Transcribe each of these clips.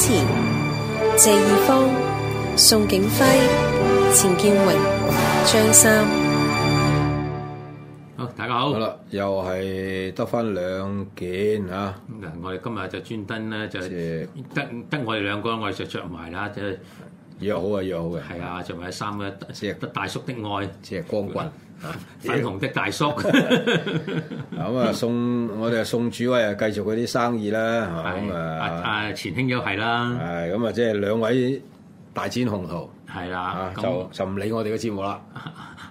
謝義方、宋景輝、陳建榮、張三，好，大家好。好啦， 又係得翻兩件啊！嗱，我哋今日就專登咧，就是得得我哋兩個，我哋就着埋啦，就。越好啊，越好嘅。係啊，仲有、啊 Sí, 啊、三咧隻得 yeah, 大叔的愛，隻光棍，粉紅、 啊、的大叔。咁 嗯、啊，送我哋送主位啊，繼續嗰啲生意啦。咁啊，啊錢兄又係啦。係咁啊，即係兩位大展宏圖。係啦、嗯，就就唔理我哋嘅節目啦。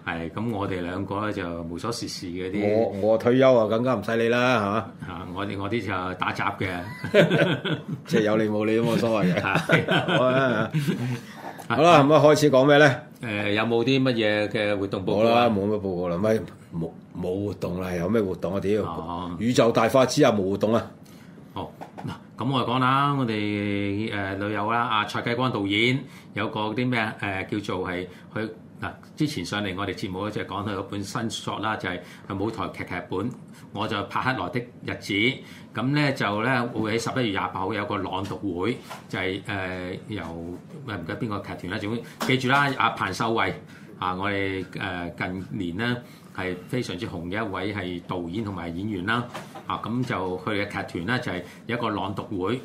係咁， 我哋兩個咧就無所事事嘅啲。我我退休啊，更加唔使你啦嚇。嚇、啊、 我哋我啲就打雜嘅，即 係 有你冇你都冇所謂嘅。 Yeah 好啦，咁啊開始講咩咧？誒、嗯，有冇啲乜嘢嘅活動報告啦，冇乜報告啦，咪冇冇活動啦？有咩活動啊？屌！哦、宇宙大法師有冇活動啊？哦，嗱，咁我講啦，我哋誒，老友啦，阿蔡繼光導演，有個啲咩誒，叫做係佢嗱，之前上嚟我哋節目咧，就講佢嗰本新作啦，就係、係、誒舞台劇劇本。我就拍克萊的日子，咁咧就咧會喺十一月廿八號有個朗讀會，就係、是、誒、呃、由唔記，記得邊個劇團啦，總之記住啦，阿彭秀慧啊，我哋誒、呃、近年咧係非常之紅嘅一位係導演同埋演員啦，啊咁就佢哋嘅劇團咧就係、是、有一個朗讀會，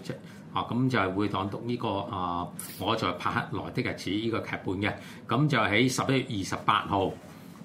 啊咁就係會朗讀呢、這個啊我就拍克萊的日子呢、這個劇本嘅，咁就喺十一月二十八號。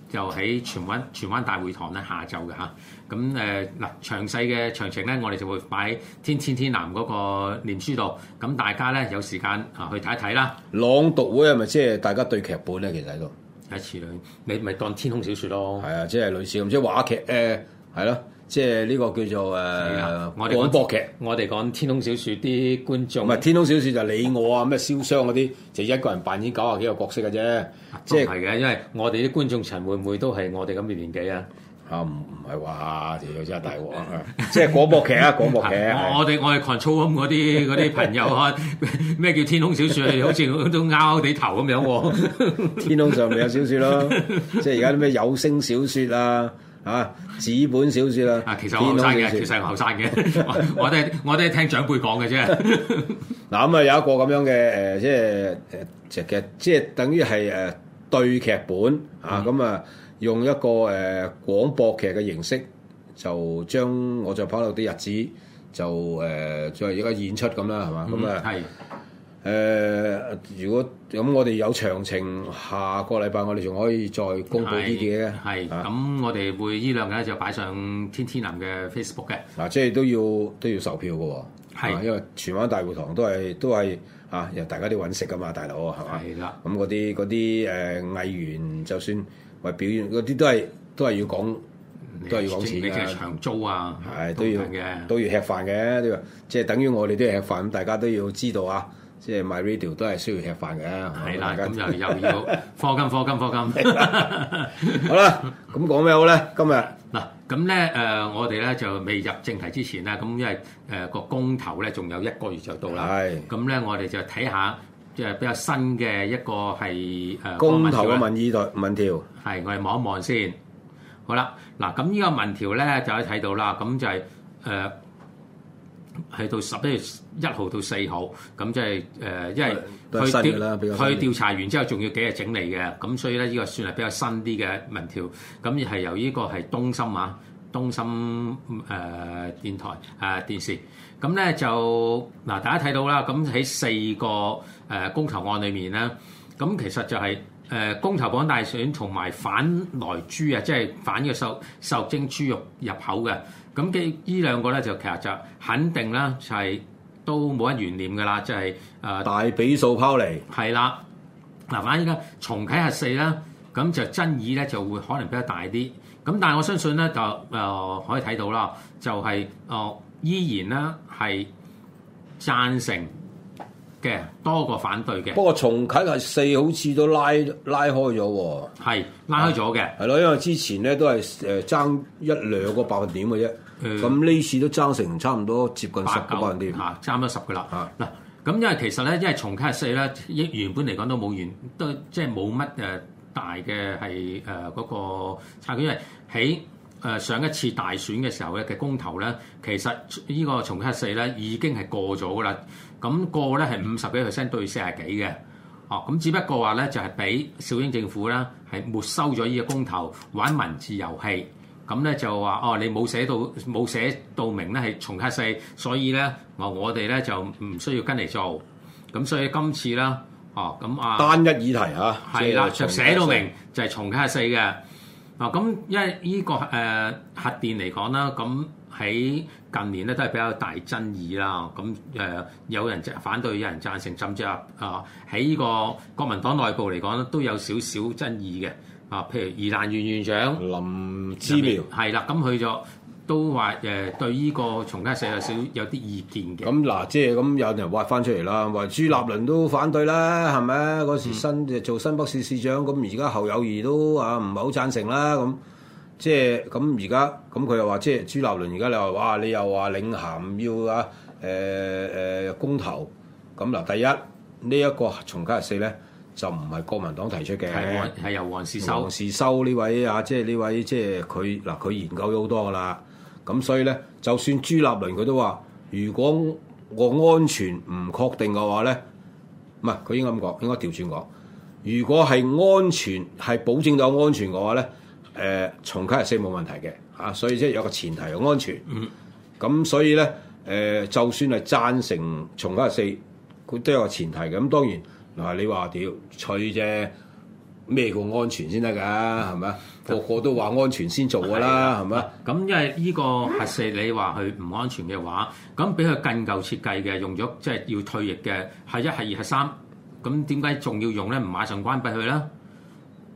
就喺荃灣荃灣大會堂咧下晝嘅嚇，咁誒嗱詳細嘅詳情咧，我哋就會擺天天天藍嗰個臉書度，咁大家咧有時間啊去睇一睇啦。朗讀會係咪即係大家對劇本咧？其實喺度一次兩，你咪當天空小説咯。係啊，即係類似咁，即係話劇咧，係、呃、咯、啊，即係呢個叫做、呃啊、我哋講廣播劇。我哋講天空小説啲觀眾。唔係天空小説就你我啊，咩燒傷嗰啲，就是、一個人扮演九啊幾個角色嘅啫。即係嘅，因為我哋啲觀眾層會唔會都係我哋咁嘅年紀啊？嚇，唔唔係話條友真係大鑊啊！即係廣播劇啊，廣播劇。我哋我哋 control 嗰啲嗰啲朋友啊，咩 叫天空小説？好似都拗地頭咁樣喎。 天空上面有小説咯，即係而家啲咩有聲小説啊，嚇，紙本小説啊。啊，其實我後生嘅，其實我後生嘅，我我都我都聽長輩講嘅啫。嗱咁啊，有一個咁樣嘅誒，即係誒嘅嘅，即係等於係誒。對劇本嚇咁啊，嗯嗯、用一個誒、呃、廣播劇嘅形式，就將我再跑到啲日子就誒，就而家、呃、演出咁啦，係嘛？咁啊，係、呃、誒，如果咁我哋有詳情，下個禮拜我哋仲可以再公布啲嘅。咧。係咁，啊、我哋會呢兩日就擺上天天藍嘅 Facebook 嘅。嗱、啊，即係都要都要售票嘅喎。係、啊，是因為荃灣大會堂都係都係。啊！又大家都要揾食噶嘛，大佬，係嘛？咁嗰啲嗰啲誒藝員，就算為表演嗰啲都係都係要講，年都係要講錢嘅長租啊，係是都要嘅，都要吃飯嘅，都要，即係等於我哋都要吃飯。咁大家都要知道啊，即係 MyRadio 都係需要吃飯嘅，係啦的。咁又吧又要課金課金課金，好啦，咁講咩好咧？今日嗱。 咁咧，誒、嗯，我哋咧就未入正題之前咧，咁因為誒個公投咧仲有一個月就到啦。係是。咁咧、嗯，我哋就睇下即係比較新嘅一個係誒公投嘅民意代問條。係、呃調，我哋望一望先。好啦，嗱，咁呢個問條咧就可以睇到啦。咁、嗯、就係、是、誒。呃去到十一月一號到四號，咁即係誒，因為去調，調查完之後，仲要幾日整理嘅，咁所以咧呢個算係比較新啲嘅民調，咁亦係由呢個係東森啊，東森誒、呃、電台誒、呃、電視，咁咧就嗱大家睇到啦，咁喺四個誒公投案裏面咧，咁其實就係、是。誒公投綁大選同埋反萊豬啊，即係反嘅瘦肉精豬肉入口嘅，咁嘅依兩個咧就其實就肯定啦，就係都冇乜懸念嘅啦，即係誒大比數拋離。係啦，嗱，反而依家重啟核四啦，咁就爭議咧就會可能比較大啲，咁但係我相信咧就誒、呃、可以睇到啦，就係、是、哦、呃、依然咧係贊成。嘅多過反對嘅， 不過重啟係四，好似都拉拉開咗喎。係拉開咗嘅，係咯，因為之前咧都係誒爭一兩個百分點嘅啫。咁呢、嗯、次都爭成差唔多接近十個百分點嚇，爭咗十個啦。嗱、嗯，咁是因為其實咧，因為重啟係四咧，原本嚟講都冇完，都即係冇乜誒大嘅係誒嗰個差距，因為喺誒上一次大選嘅時候咧嘅公投咧，其實呢個重啟四咧已經係過咗嘅啦。咁個咧係五十幾個 percent 對四十幾嘅，哦，咁只不過話咧就係俾小英政府咧，係沒收咗呢個公投玩文字遊戲，咁、嗯、咧就話哦你冇寫到冇寫到明咧係重核四，所以咧我哋咧就唔需要跟嚟做，咁所以今次啦，哦咁啊，單一議題啊，係啦，就寫到明就係重核四嘅，嗱、嗯、咁因為呢、這個誒、呃、核電嚟講啦，咁。喺近年咧都係比較大爭議啦，咁、嗯、誒有人反對，有人贊成，甚至啊喺呢個國民黨內部嚟講咧都有少少爭議嘅，啊譬如宜蘭縣縣長林姿妙係啦，咁佢、嗯、就都話誒、呃、對呢個重家社有少有啲意見嘅。咁嗱、嗯，即係咁有人挖翻出嚟啦，話朱立倫都反對啦，係咪啊？嗰時新做新北市市長，咁而家侯友宜都啊唔係好贊成啦，咁、嗯。即係咁而家，咁佢又話，即係朱立倫而家又話，哇！你又話領銜要啊誒誒公投，咁嗱，第一、呢個、94，呢一個從今日四咧就唔係國民黨提出嘅，係由黃士修。黃士修呢位啊，即係呢位、啊、即係佢嗱，佢、啊、研究咗好多噶啦。咁所以咧，就算朱立倫佢都話，如果我安全唔確定嘅話咧，唔係佢應該咁講，應該調轉講，如果係安全係保證到安全嘅話咧。誒、呃、重啟核四冇問題嘅嚇、啊，所以即係有個前提安全。咁、嗯、所以咧誒、呃，就算係贊成重啟核四，佢都有個前提嘅。咁、啊、當然嗱、啊，你話屌脆啫，咩叫安全先得㗎？係咪啊？嗯、個個都話安全先做㗎啦，係咪啊？咁的吧因為呢個核四你話佢唔安全嘅話，咁俾佢更舊設計嘅，用咗即係要退役嘅，核一核二核三，咁點解仲要用咧？唔馬上關閉佢咧？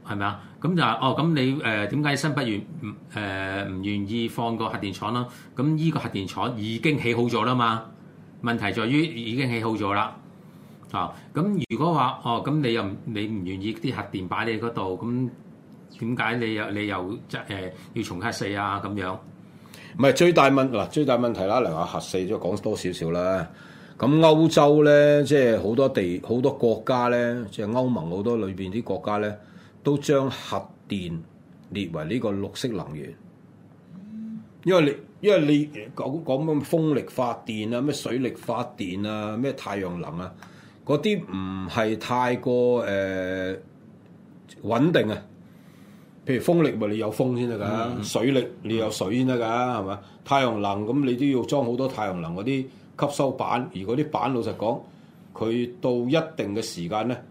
係咪啊？咁就哦，咁你誒點解新北誒唔願意放個核電廠啦？咁依個核電廠已經起好咗啦嘛？問題在於已經起好咗啦。啊、哦，咁如果話哦，咁你又你唔願意啲核電擺你嗰度，咁點解你又你又即係、呃、要重核四啊咁樣？唔係最大問嗱，最大問題啦，嚟講核四就講多少少啦。咁歐洲咧，即係好多地好多國家咧，即係歐盟好多裏邊啲國家咧。都將核電列為呢個綠色能源，因為你因為你講講咁風力發電啊、咩水力發電啊、咩太陽能啊，嗰啲唔係太過誒穩定啊。譬如風力咪你有風先得㗎，嗯、水力你有水先得㗎，係嘛？太陽能咁你都要裝好多太陽能嗰啲吸收板，而嗰啲板老實講，佢到一定嘅時間咧。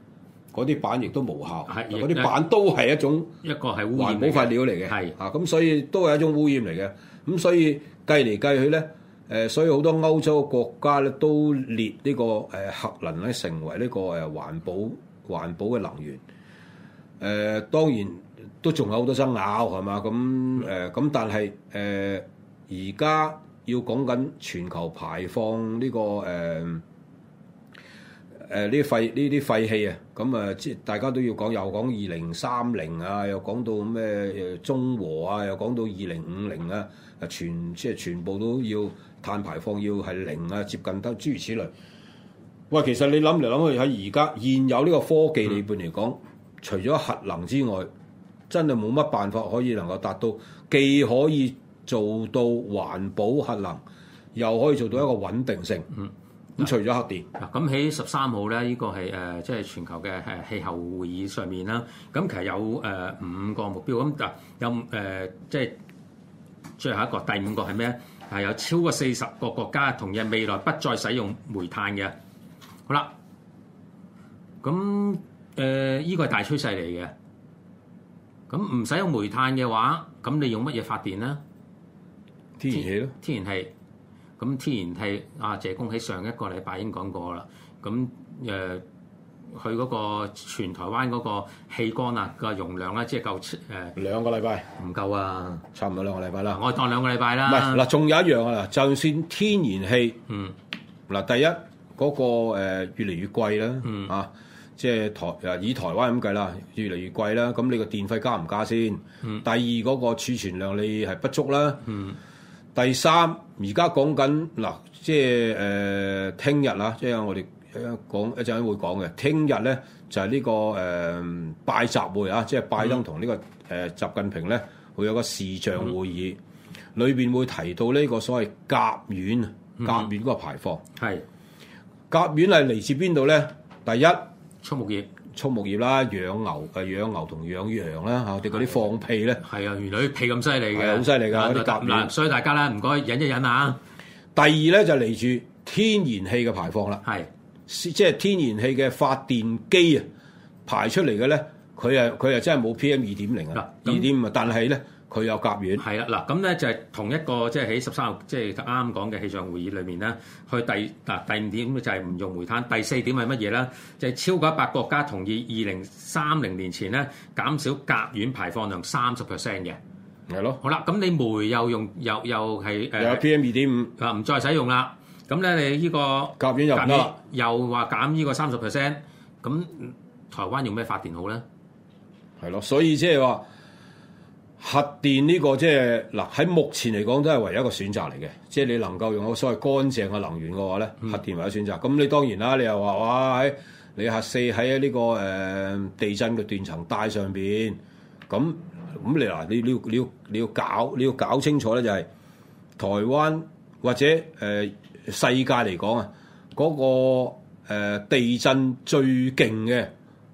嗰啲板亦都無效，嗰啲的板都係一種一個係污染嘅，環保廢料嚟嘅，嚇咁的、啊、所以都係一種污染嚟嘅。咁所以計嚟計去咧，誒、呃，所以好多歐洲嘅國家咧都列呢、這個誒、呃、核能咧成為呢、這個誒、呃、環保環保嘅能源。誒、呃、當然都仲有好多爭拗係嘛，咁誒咁，但係誒而家要講緊全球排放呢、這個誒。呃誒呢啲廢呢啲廢氣啊，咁啊，即大家都要講，又講二零三零啊，又講到咩誒中和50，啊，又講到二零五零啊，啊全即係全部都要碳排放要係零啊，接近得諸如此類。喂，其實你諗嚟諗去喺而家現有呢個科技裏邊嚟講，嗯、除咗核能之外，真係冇乜辦法可以能夠達到，既可以做到環保核能，又可以做到一個穩定性。嗯。咁除咗核電，嗱，咁喺十三號咧，呢個係誒，即係全球嘅誒氣候會議上面啦。咁其實有誒五個目標，咁嗱，有誒即係最後一個第五個係咩咧？係有超過四十個國家同意未來不再使用煤炭嘅。好啦，咁誒依個係大趨勢嚟嘅。咁唔使用煤炭嘅話，咁你用乜嘢發電咧？天然氣咯。天然氣。咁天然氣啊，謝恭喺上一個禮拜已經講過啦。咁誒，佢嗰個全台灣嗰個氣缸啊個容量咧，即係夠誒、呃、兩個禮拜唔夠啊，差唔多兩個禮拜啦。我當兩個禮拜啦。唔係嗱，仲有一樣啊嗱，就算天然氣嗯嗱，第一嗰、嗰個越嚟越貴啦，嗯啊，即係台誒以台灣咁計啦，越嚟越貴啦。咁你個電費加唔加先？嗯、第二嗰、嗰個儲存量你係不足啦。嗯。第三，而家講緊嗱，即係誒聽日啊，即係我哋講一陣會講嘅。聽日咧就係、是、呢、這個誒、呃、拜習會啊，即係拜登同呢、這個誒、呃、習近平咧會有個視像會議，裏邊、嗯、會提到呢個所謂甲烷。甲烷嗰個排放係、嗯嗯、甲烷係嚟自邊度咧？第一，畜牧業。畜牧業啦，養牛啊，養牛同養羊啦，嚇的，我哋嗰啲放屁咧，係啊，原來啲屁咁犀利嘅，好犀利㗎，啲那甲烷，嗱，所以大家咧唔該忍一忍啊。第二咧就嚟住天然氣嘅排放啦，係的，即係天然氣嘅發電機啊，排出嚟嘅咧，佢啊佢又真係冇 P M 二點零啊，二點五啊，但係咧。佢有甲烷，係啦嗱，咁咧就係同一個即係喺十三號即係啱啱講嘅氣象會議裏面咧，佢第嗱第五點就係唔用煤炭。第四點係乜嘢咧？就係、是、超過一百國家同意二零三零年前咧減少甲烷排放量三十 percent 嘅，係咯。的好啦，咁你煤又用又又係誒，的 uh, 有 PM 二點五啊，唔再使用啦。咁咧你呢、這個甲烷又唔得，又話減呢個三十 percent，咁台灣用咩發電好咧？係咯，所以即係話。核電呢個即係嗱喺目前嚟講都係唯一一個選擇嚟嘅，即係你能夠用一個所謂乾淨嘅能源嘅話咧，嗯、核電或者選擇。咁你當然啦，你又話哇，你核四喺呢、這個誒地震嘅斷層帶上邊，咁咁你嗱，你要你要你要搞你要搞清楚咧、就是，就係台灣或者誒、呃、世界嚟講啊，嗰、那個、呃、地震最勁嘅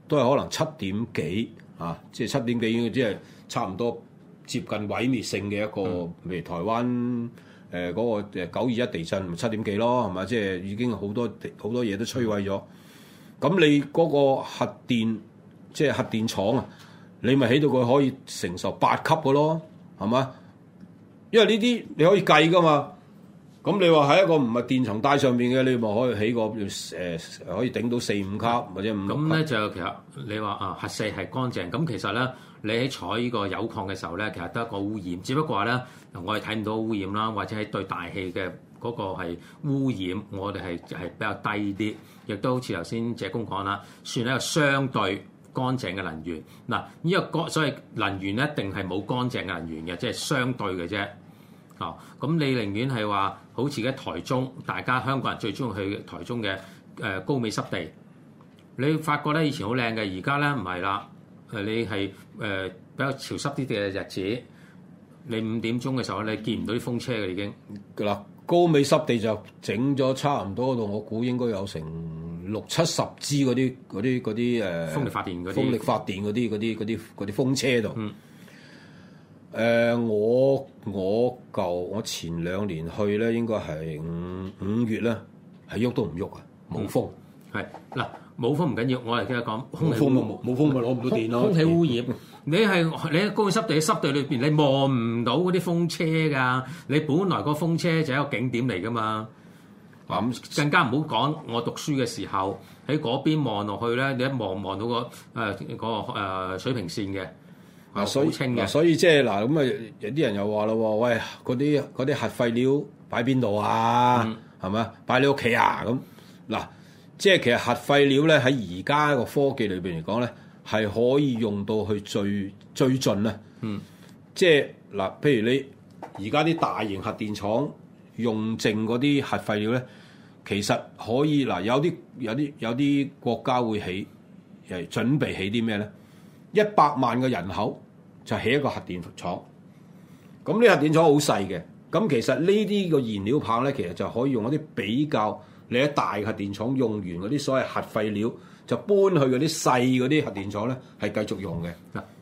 都係可能七點幾啊，即、就、係、是、七點幾應該，即係差唔多。接近毀滅性嘅一個，譬如台灣誒嗰、呃嗰個九二一地震七點幾咯，係咪？即係已經好多好多嘢都摧毀咗。咁你嗰個核電，即係核電廠啊，你咪起到佢可以承受八級嘅咯，係嘛？因為呢啲你可以計㗎嘛。咁你話喺一個唔係電層帶上面嘅，你咪可以起個誒、呃，可以頂到四五級或者五。咁咧就其實你話啊核四係乾淨，咁其實咧你喺採呢個油礦嘅時候咧，其實得一個污染，只不過咧我哋睇唔到污染啦，或者係對大氣嘅嗰個係污染，我哋係係比較低啲，亦都好似頭先謝公講啦，算係一個相對乾淨嘅能源。嗱，呢個乾所謂能源呢一定係冇乾淨嘅能源嘅，即係相對嘅啫。哦，咁你寧願係話好似喺台中，大家香港人最中意去台中嘅誒、呃、高美濕地，你發覺咧以前好靚嘅，而家咧唔係啦。誒，你係誒、呃、比較潮濕啲嘅日子，你五點鐘嘅時候你見唔到啲風車嘅已經嗱，高美濕地就整咗差唔多到，我估應該有成六七十支嗰啲啲啲誒風力發電啲風力發電啲啲啲嗰啲風車度。嗯誒、呃、我我舊我前兩年去咧，應該係五五月咧，係喐都唔喐啊！冇風，係嗱冇風唔緊要，我係今日講空氣污染冇風咪攞唔到電咯。你係你喺高濕地、濕地裏邊，你望唔到嗰啲風車㗎。你本來個風車就係一個景點嚟㗎嘛。咁、嗯、更加唔好講，我讀書嘅時候喺嗰邊望落去咧，你一望望到、個誒嗰個水平線嘅。啊，嗯、所以，所以即係嗱，咁、就、啊、是，有啲人又話喇喎，喂，嗰啲嗰啲核廢料擺邊度啊？係咪、嗯、啊？擺你屋企啊？咁嗱，即係其實核廢料咧喺而家個科技裏邊嚟講咧，係可以用到去最最盡啊！嗯，即係嗱，譬如你而家啲大型核電廠用剩嗰啲核廢料咧，其實可以嗱，有啲有啲有啲國家會起誒，準備起啲咩咧？一百萬嘅人口就起一個核電廠，咁呢核電廠好細嘅，咁其實呢啲個燃料棒咧，其實就可以用一啲比較你喺大核電廠用完嗰啲所謂核廢料，就搬去嗰啲細嗰啲核電廠咧，係繼續用嘅。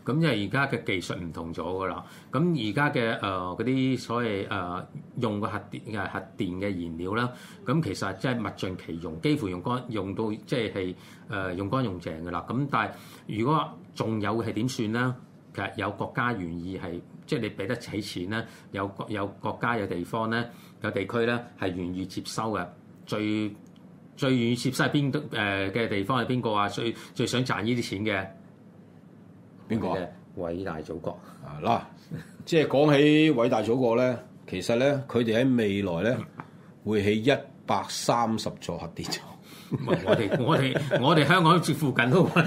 咁即係而家嘅技術唔同咗㗎啦，咁而家嘅誒嗰啲所謂誒、呃、用過核電誒核電嘅燃料啦，咁其實即係物盡其用，幾乎用乾用到即係誒用乾用淨㗎啦。咁但係如果仲有係點算咧？其實有國家願意係即係你俾得起錢咧，有國有國家有地方咧，有地區咧係願意接收嘅。最最願意接收係邊誒嘅地方係邊個啊？最最想賺呢啲錢嘅？邊個？偉、啊啊、大祖國啊！嗱，即係講起偉大祖國咧，其實咧，佢哋喺未來咧會起一百三十座核電廠 。我哋我哋我哋香港住附近都嗱，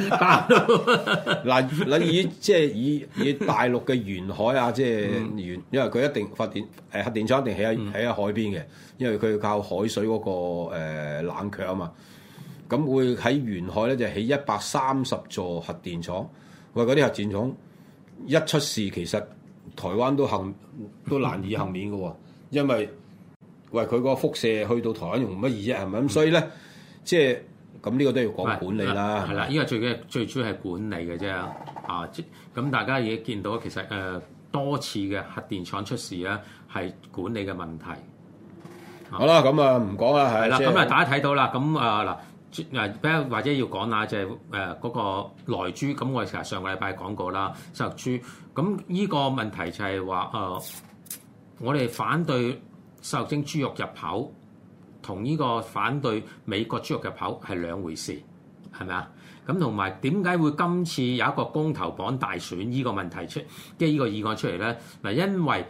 你 以，即係以以大陸嘅沿海啊，即係沿， 因為佢一定發電誒，核電廠一定起喺喺喺海邊嘅，因為佢要靠海水嗰個誒冷卻啊嘛。咁會喺沿海咧就起一百三十座核電廠。喂，嗰啲核電廠一出事，其實台灣都幸都難以幸免嘅喎，因為喂佢個輻射去到台灣容乜易啫，係咪咁？嗯、所以咧，即係咁呢個都要講管理啦、哎。係、哎、啦，呢個最緊最主要係管理嘅啫、啊。啊，即咁大家已經見到，其實誒、呃、多次嘅核電廠出事咧、啊，係管理嘅問題。啊、好啦，咁啊唔講啦，係啦、嗯，咁啊是、哎、大家睇到啦，咁、嗯、啊嗱。嗯啊啊誒比較或者要講下，就係誒嗰個萊豬咁，我其實上個禮拜講過啦，瘦肉豬咁依個問題就係話誒，我哋反對瘦肉精豬肉入口，同呢個反對美國豬肉入口係兩回事，係咪啊？咁同埋點解會今次有一個公投綁大選依個問題出，即係依個議案出嚟咧？嗱，因為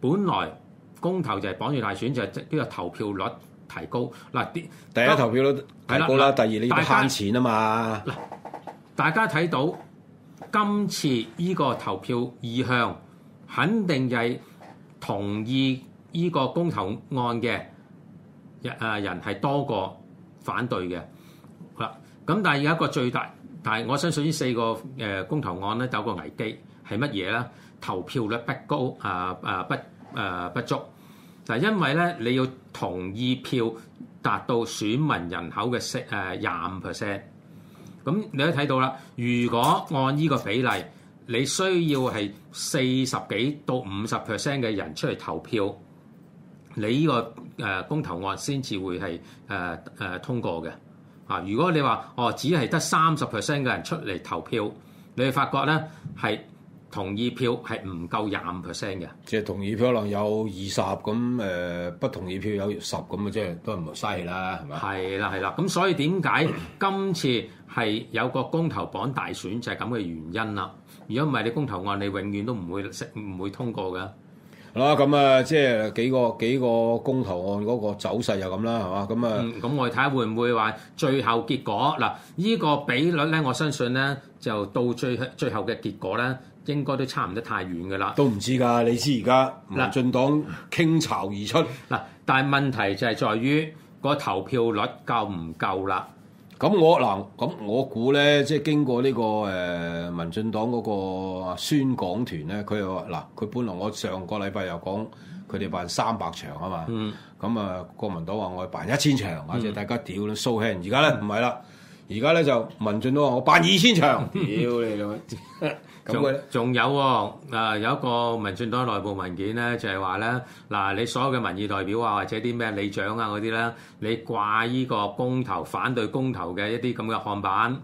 本來公投就係綁住大選，就係即係呢個投票率。提高，嗱啲，第一投票率提高啦，第二你要慳錢啊嘛。嗱，大家睇到今次依個投票意向，肯定就係同意依個公投案嘅人啊人係多過反對嘅。好啦，咁但係有一個最大，但係我相信依四個誒公投案咧，有個危機係乜嘢咧？投票率不高啊，不啊，不啊不足。嗱，因為咧你要同意票達到選民人口嘅誒廿五 percent，咁你都睇到啦。如果按呢個比例，你需要係四十幾到五十 percent 嘅人出嚟投票，你呢個誒公投案先至會係誒誒通過嘅。啊，如果你話哦，只係得三十 percent 嘅人出嚟投票，你會發覺咧係。同意票係唔夠廿五 percent 嘅，即係同意票可能有二十咁，誒不同意票有十咁啊，即係都係唔好嘥氣啦，係咪？係啦，係啦，咁所以點解今次係有個公投榜大選就係咁嘅原因啦。如果唔係你公投案，你永遠都唔會唔會通過嘅。好啦，咁啊，即係幾個幾個公投案嗰個走勢就咁啦，係嘛？咁啊，咁、嗯、我哋睇下會唔會話最後結果嗱，呢、呢個比率咧，我相信咧就到最最後嘅結果咧。應該都差唔得太遠嘅啦，都唔知㗎。你知而家民進黨傾巢而出嗱，但係問題就係在於個投票率夠唔夠啦？咁我嗱，咁我估咧，即係經過呢、呢個誒、呃、民進黨嗰個宣講團咧，佢又話嗱，佢本來我上個禮拜又講佢哋辦三百場啊嘛，咁啊、嗯，嗯、國民黨話我辦一千場，或者大家屌你蘇慶，而家咧唔係啦，而家咧就民進黨話我辦二千場，屌你兩。 仲有喎，有一個民進黨內部文件咧，就係話咧，嗱你所有嘅民意代表啊，或者啲咩理長啊嗰啲咧，你掛依個公投反對公投嘅一啲咁嘅看板，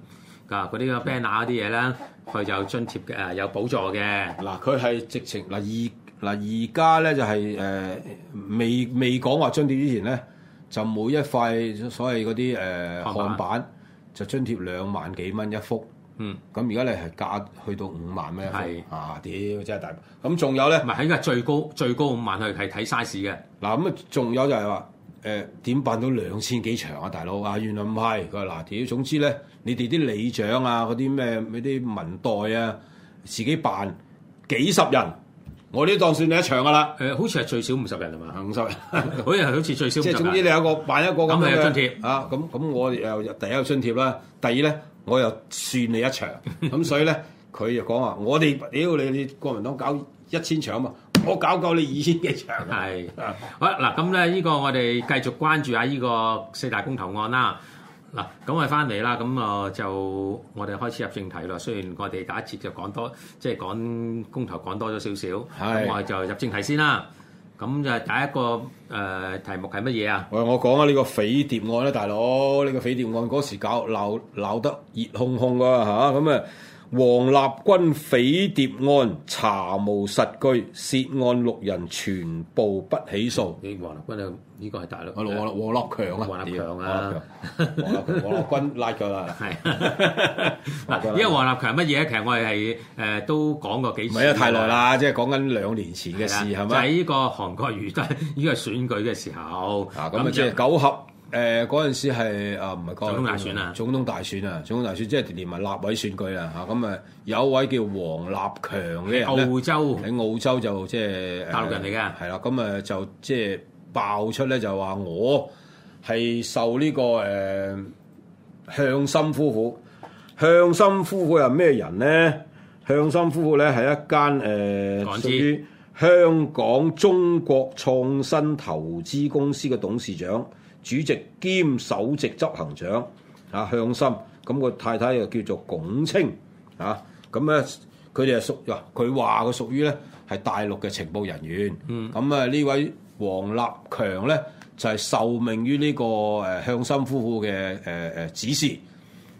嗱嗰啲咁嘅 banner 啲嘢咧，佢就津貼嘅有補助嘅。嗱佢係直情嗱而嗱而家咧就係誒未未講話津貼之前咧，就每一塊所謂嗰啲誒看板就津貼兩萬幾蚊一幅。嗯，咁而家你係價去到五萬咩？係啊，屌真係大！咁仲有咧？唔係喺而家最高最高五萬，係係睇 size 嘅。嗱咁啊，仲有就係話誒點辦到兩千幾場啊？大佬啊，原來唔係佢話嗱，屌總之咧，你哋啲里長啊，嗰啲咩嗰啲民代啊，自己辦幾十人，我呢當算你一場噶啦。誒，好似係最少五十人係嘛，五十人，好似好似最少。即係總之你有一個辦一個咁嘅津貼啊，咁咁我又第一個津貼啦，第二咧。我又算你一場，咁 所以咧，佢就講話：我哋屌、哎、你你，你國民黨搞一千場啊嘛，我搞夠你二千幾場。係的， 好啦，嗱咁咧，呢個我哋繼續關注下呢個四大公投案啦。嗱，咁我哋翻嚟啦，咁啊就我哋開始入正題啦。雖然我哋第一節就講多，即、就、係、是、講公投講多咗少少，咁的我就入正題先啦。咁就係第一個誒、呃、題目係乜嘢啊？我講下呢個匪諜案咧，大佬，呢、呢個匪諜案嗰時搞鬧鬧得熱烘烘㗎吓？咁啊～黃立軍匪諜案查無實據，涉案六人全部不起訴。你王立軍啊，呢個係大陸。我王王立強啊，王立強啊，王立強，王立軍拉咗啦。係，嗱，因為王立強乜嘢？其實我哋係誒都講過幾次。唔係，因為太耐啦，即係講緊兩年前嘅事，係咪？喺個韓國瑜呢個選舉嘅時候，咁啊，即係九合。誒嗰陣時係啊，唔係國大選啊，總統大選啊，總統大選即係連埋立委選舉啊。嚇、啊，咁啊有一位叫王立強嘅人洲澳洲，喺澳洲就即係、呃、大陸人嚟嘅，係啦，咁啊就即係爆出咧就話我係受呢、這個誒、呃、向心夫婦，向心夫婦又咩人咧？向心夫婦咧係一間誒、呃講完 香港中國創新投資公司嘅董事長、主席兼首席執行長啊，向心，咁個太太又叫做龔清啊，咁咧佢哋係屬，佢話佢屬於咧係大陸嘅情報人員，咁啊、嗯、呢位王立強咧就係、是、受命於呢個誒向心夫婦嘅誒誒指示，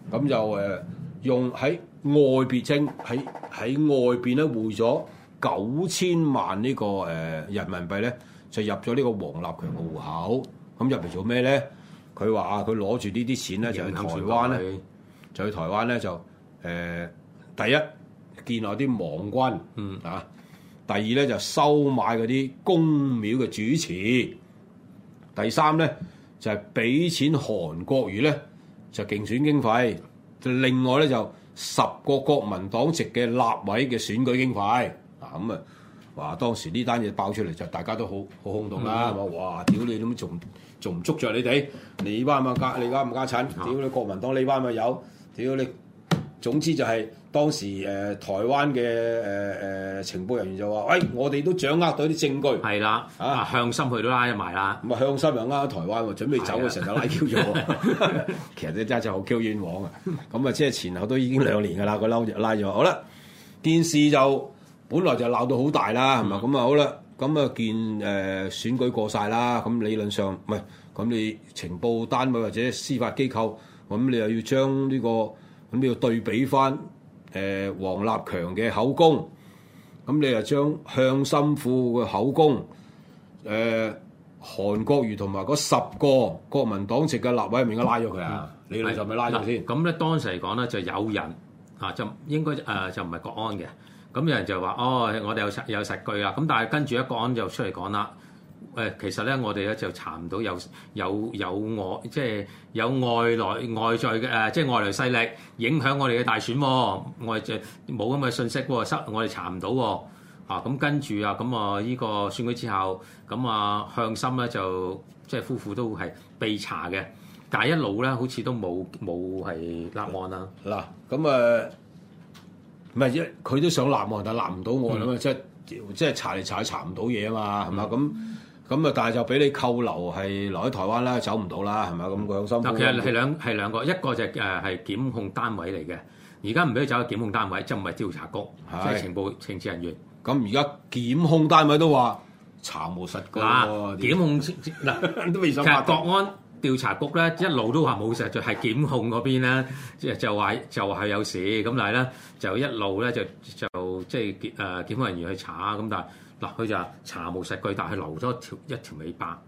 咁就誒用喺外別稱喺喺外邊咧匯咗。九千萬呢個誒、呃、人民幣咧，就入咗呢個王立強嘅戶口。咁入嚟做咩咧？佢話佢攞住呢啲錢咧，就去台灣咧，嗯、就去台灣咧，就誒、呃、第一建立啲網軍啊。第二咧就收買嗰啲宮廟嘅主持。第三咧就係、是、俾錢韓國瑜咧，就競選經費。另外咧就十個國民黨籍嘅立委嘅選舉經費。咁啊，哇！當時呢單嘢爆出嚟就大家都好好轟動啦，係嘛？哇！屌你都仲仲唔捉著你哋？你班啊，加你啱唔家產，屌你國民黨你班咪有？屌你！總之就係當時誒台灣嘅誒誒情報人員就話：喂，我哋都掌握到啲證據。係啦，啊向心佢都拉埋啦，咁啊向心又呃台灣，準備走嘅時候就拉 q 咗。其實你真係就好 q 冤枉啊！咁啊，即係前後都已經兩年㗎啦，個嬲就拉咗。好啦，件事就。本來就鬧到、嗯、好大啦，係嘛？咁啊好啦，咁啊見誒選舉過晒啦，咁理論上唔係咁你情報單位或者司法機構，咁你又要將呢、這個咁你要對比翻誒王立強嘅口供，咁你又將向心富嘅口供，誒韓國瑜同埋嗰十個國民黨籍嘅立委，唔應該拉咗佢啊？嗯、你係咪拉咗先？咁咧當時嚟講咧就有人啊，就應該誒、呃、就唔係國安嘅。咁有人就話：哦，我哋有實有實據啊。」咁但係跟住一個案就出嚟講啦。誒，其實咧，我哋咧就查唔到有有有外即係有外來外在嘅誒，即係外來勢力影響我哋嘅大選喎。我哋就冇咁嘅信息喎，失我哋查唔到喎。啊，咁跟住啊，咁啊呢個選舉之後，咁啊，向心咧就即係夫婦都係被查嘅，但係一路咧好似都冇冇係立案啦。嗱，咁啊。Uh 唔係一佢都想立案，但立攔唔的到案啊，即係即係查嚟查去查唔到嘢啊嘛，係嘛、嗯？咁咁啊，但係就俾你扣留係留喺台灣啦，走唔到啦，係嘛？咁咁辛苦。嗱、嗯，其實係兩係兩個，一個就係誒係檢控單位嚟嘅，而家唔俾佢走去檢控單位，即係唔係調查局，的即係情報情治人員。咁而家檢控單位都話查無實據。嗱、嗯，檢控嗱都未上話國安。調查局咧一路都話冇實在係、就係、檢控嗰邊啦，即係就話就話佢有事咁，但係咧就一路咧就就即係檢誒檢控人員去查咁，但嗱佢就查冇實據，但係留咗條一條尾巴。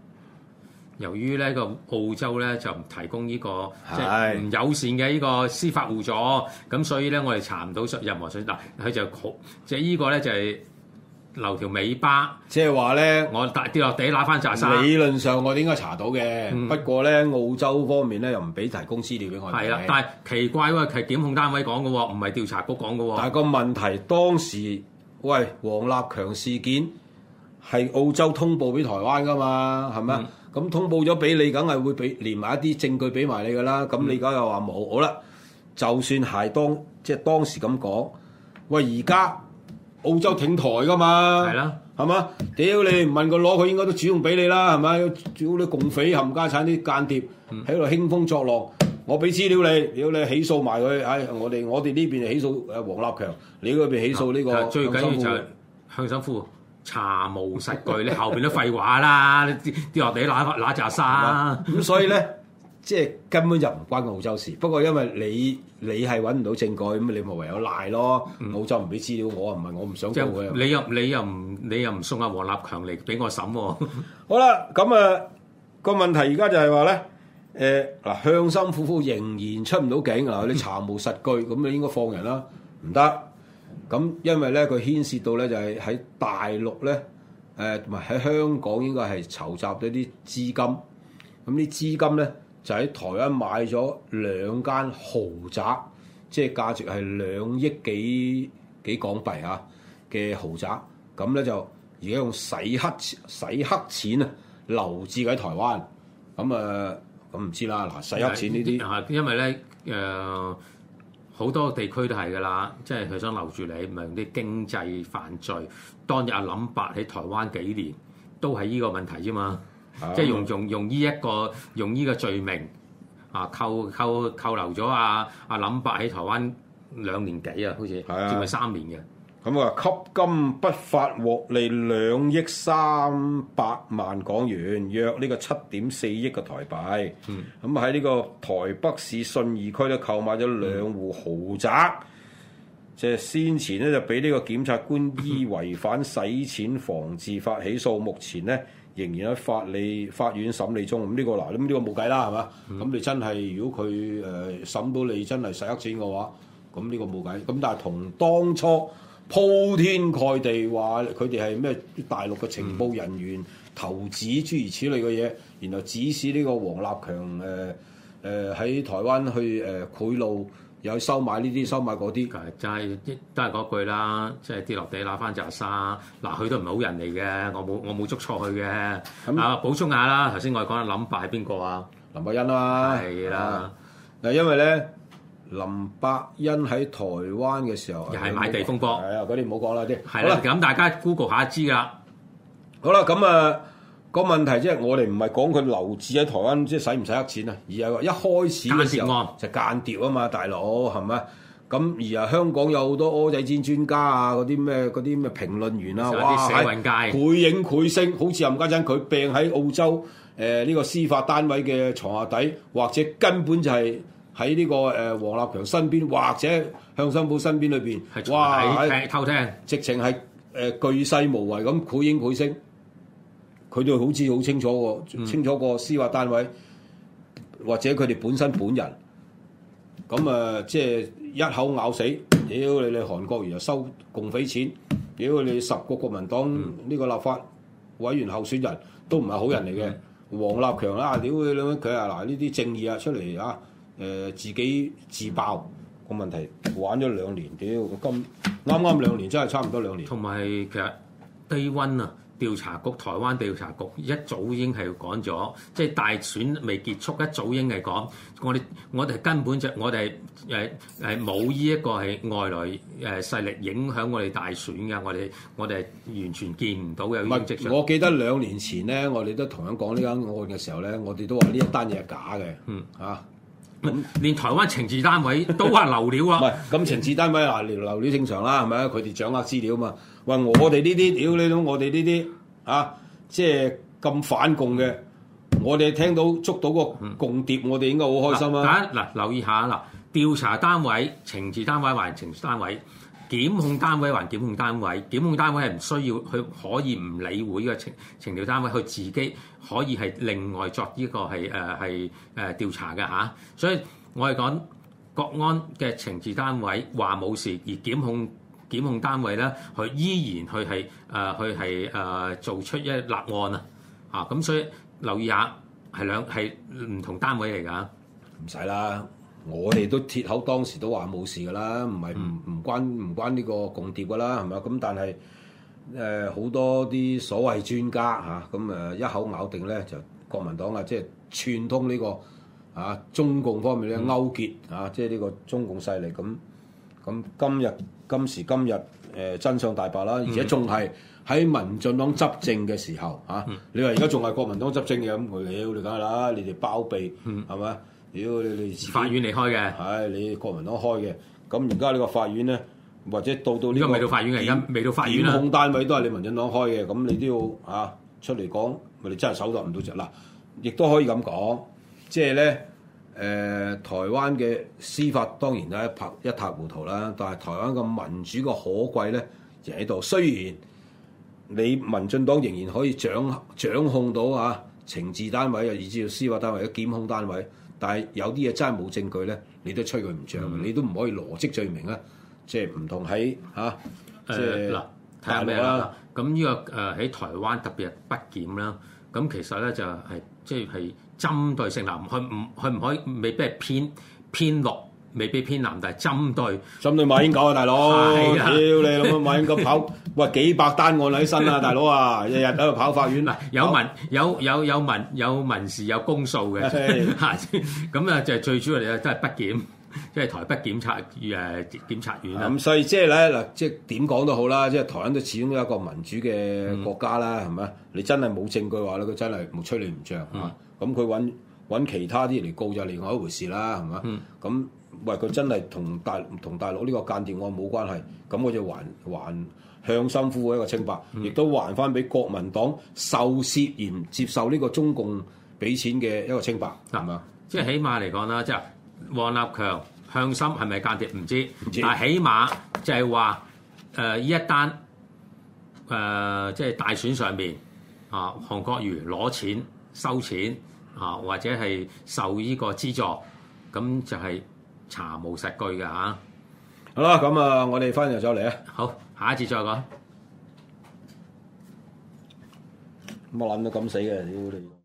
由於咧個澳洲咧就唔提供呢、呢個即係唔友善嘅呢個司法互助，咁 Yes. 所以咧我哋查唔到任何訊。嗱，佢就即、係、係呢個咧就係、係。留條尾巴，即係話咧，我跌跌落地揦翻揸衫。理論上我哋應該查到嘅，嗯、不過咧澳洲方面咧又唔俾提供資料俾我哋。係啦，但係奇怪喎，係檢控單位講嘅喎，唔係調查局講嘅喎。但係個問題，當時喂王立強事件係澳洲通報俾台灣噶嘛，係咪啊？咁、嗯、通報咗俾你，梗係會俾連埋一啲證據俾埋你噶啦。咁你而家又話冇，嗯、好啦，就算係當即係當時咁講，喂而家。澳洲挺台㗎嘛，係啦、啊，係嘛，屌你唔問佢攞，佢應該都主動俾你啦，係咪？主要啲共匪、冚家產、啲間諜喺度興風作浪，我俾資料你，屌你起訴埋佢，唉、哎，我哋我哋呢邊起訴誒王立強，你嗰邊起訴呢個、嗯、最緊要就係，向生夫查無實據，你後邊都廢話啦，跌落地揦返拃沙，咁、 啊、所以咧。 即係根本就唔關澳洲事，不過因為你你係揾唔到證據，咁你咪唯有賴咯。嗯、澳洲唔俾資料，我啊唔係我唔想做嘅。你又你又唔你又唔送阿、啊、王立強嚟俾我審喎。 好啦，咁啊個問題而家就係話咧，誒、呃、嗱向心苦苦仍然出唔到境嗱，你查無實據，咁 你應該放人啦，唔得。咁因為咧佢牽涉到咧就係、是、喺大陸咧，誒唔係喺香港應該係籌集咗啲資金，咁啲資金咧，就喺台灣買咗兩間豪宅，即係價值係兩億幾幾港幣啊嘅豪宅，咁咧就而家用洗黑洗黑錢啊留置喺台灣，咁啊咁唔知啦，嗱洗黑錢呢啲，因為咧誒好多地區都係噶啦，即係佢想留住你，咪用啲經濟犯罪。當日阿林伯喺台灣幾年都係依個問題啫嘛。即係用用用依、這、一個用依個罪名啊，扣扣扣留咗阿阿林伯喺台灣兩年幾啊，好似係是啊，接近三年嘅。咁啊，吸金不法獲利兩億三百萬港元，約呢個七點四億個台幣。 嗯，咁喺呢個台北市信義區咧購買咗兩戶豪宅。即係、嗯嗯、先前咧就俾呢個檢察官依違反洗錢防治法起訴，目前咧。 仍然喺法理法院審理中，咁呢、這個嗱，咁呢個冇計啦，係嘛？咁、嗯、你真係如果佢誒、呃、審到你真係使黑錢嘅話，咁呢個冇計。咁但係同當初鋪天蓋地話佢哋係咩大陸嘅情報人員、嗯、投資諸如此類嘅嘢，然後指使呢個王立強誒誒喺台灣去誒、呃、賄賂。有收買呢啲，收買嗰啲，就係都係嗰句啦，即係跌落地攞翻隻沙。嗱，佢都唔係好人嚟嘅，我冇我冇捉錯佢嘅。咁、嗯、啊，補充下啦，頭先我哋講緊林伯係邊個啊？林百欣啦，係啦的。嗱、啊，因為咧，林百欣喺台灣嘅時候，又係買地風波，係啊，嗰啲唔好講吧啦，啲係啦。咁大家 Google 下知噶啦。好啦，咁啊。嗯個問題即係我哋唔係講佢留置喺台灣即係使唔使呃錢啊，而係話一開始嘅時候間、啊、就間諜啊嘛，大佬係咪？咁而啊香港有好多蚵仔煎專家啊，嗰啲咩嗰啲咩評論員啦、啊，嗯、哇！社會界繪影繪聲，好似阿吳家珍佢病喺澳洲，誒、呃、呢、呢個司法單位嘅床下底，或者根本就係喺呢個誒王、呃、立強身邊，或者向新保身邊裏邊，哇、呃！偷聽，直情係誒巨細無遺咁繪影繪聲。佢哋好似好清楚喎，清楚個司法單位，嗯、或者佢哋本身本人，咁啊，即係一口咬死，屌、哎、你你韓國人又收共匪錢，屌、哎、你十個國民黨呢個立法、嗯、委員候選人都唔係好人嚟嘅，嗯、王立強啦、啊，屌你咁佢啊嗱呢啲正義啊出嚟啊，誒、呃、自己自爆個問題，玩咗兩年，屌個今啱啱兩年真係差唔多兩年，同埋其實低温啊。調查局，台灣調查局一早已經係講咗，即係大選未結束，一早已經係講我哋，我哋根本就我哋誒誒冇呢一個係外來誒勢力影響我哋大選嘅，我哋我哋完全見唔到嘅。我記得兩年前咧，我哋都同樣講呢間案嘅時候咧，我哋都話呢一單嘢係假嘅，嗯嚇。啊連台灣情治單位都話流料啊！唔係咁 情治單位啊，流料正常啦，係咪啊？佢哋掌握資料嘛。話我哋呢啲屌你諗我哋呢啲啊，即係咁反共嘅，我哋聽到捉到個共諜，我哋應該好開心啊！嗱、嗯，留意下啦，調查單位、情治單位還係情治單位？檢控單位還檢控單位，檢控單位係唔需要，佢可以唔理會嘅情情調單位，佢自己可以係另外作呢個係誒係誒調查嘅嚇。所以我係講國安嘅情治單位話冇事，而檢控檢控單位咧，佢依然佢係誒佢係誒做出一立案啊嚇。咁所以留意下係兩係唔同單位嚟㗎。唔使啦。我哋都鐵口，當時都話冇事噶啦，唔係唔唔關唔關呢個共諜噶啦，係咪？咁但係誒好多啲所謂專家嚇，咁、啊、誒、啊、一口咬定咧就國民黨、這個、啊，即係串通呢個啊中共方面嘅勾結啊，即係呢個中共勢力，咁咁今日今時今日誒、呃、真相大白啦，而且仲係喺民進黨執政嘅時候嚇、啊，你話而家仲係國民黨執政嘅咁，妖你哋梗係啦，你哋包庇係咪？屌你哋法院離開嘅，係、哎、你國民黨開嘅。咁而家呢個法院咧，或者到到呢個未到法院嘅，而家檢控單位都係你民進黨開嘅。咁你都要嚇、啊、出嚟講，你真係手落唔到隻啦。亦都可以咁講，即係咧誒，台灣嘅司法當然係一拍一塌糊塗啦。但係台灣嘅民主嘅可貴咧，就喺度。雖然你民進黨仍然可以掌掌控到啊，情治單位啊，以至司法單位、檢控單位。但係有啲嘢真係冇證據咧，你都吹佢唔脹，嗯、你都唔可以邏輯罪名啦。即係唔同喺嚇、啊，即係嗱，睇下咩啦。咁呢陸、啊呢個誒喺、呃、台灣特別係北檢啦。咁其實咧就係即係係針對性啦，佢唔佢唔可以未必係偏偏落。未必偏南大針對，針對馬英九的啊，大佬！屌你老母馬英九跑， 喂幾百單案喺身啊，大佬啊！日日喺度跑法院啊 ，有民有有有民有民事有公訴嘅，嚇咁啊就最主要嚟啊都係北檢，即係台北檢察院檢察院啊。咁、嗯、所以即係咧嗱，即係點講都好啦，即係台灣都始終都係一個民主嘅國家啦，係嘛、嗯？你真係冇證據話咧，佢真係冇吹你唔着，嗯、啊！咁佢揾揾其他啲人嚟告就另外一回事啦，係嘛？咁、嗯喂，佢真係同大同大陸呢個間諜案冇關係，咁我就還還向心夫一個清白，亦都、嗯、還翻俾國民黨受涉嫌接受呢個中共俾錢嘅一個清白，係嘛、嗯？即係起碼嚟講啦，即係王立強向心係咪間諜唔知，唔知但係起碼就係話誒呢一單誒即係大選上面啊韓國瑜攞錢收錢啊，或者係受呢個資助，咁就係、是。查無實據嘅嚇，好啦，咁我哋翻又再嚟啊，來好，下一次再講，冇諗到咁死嘅，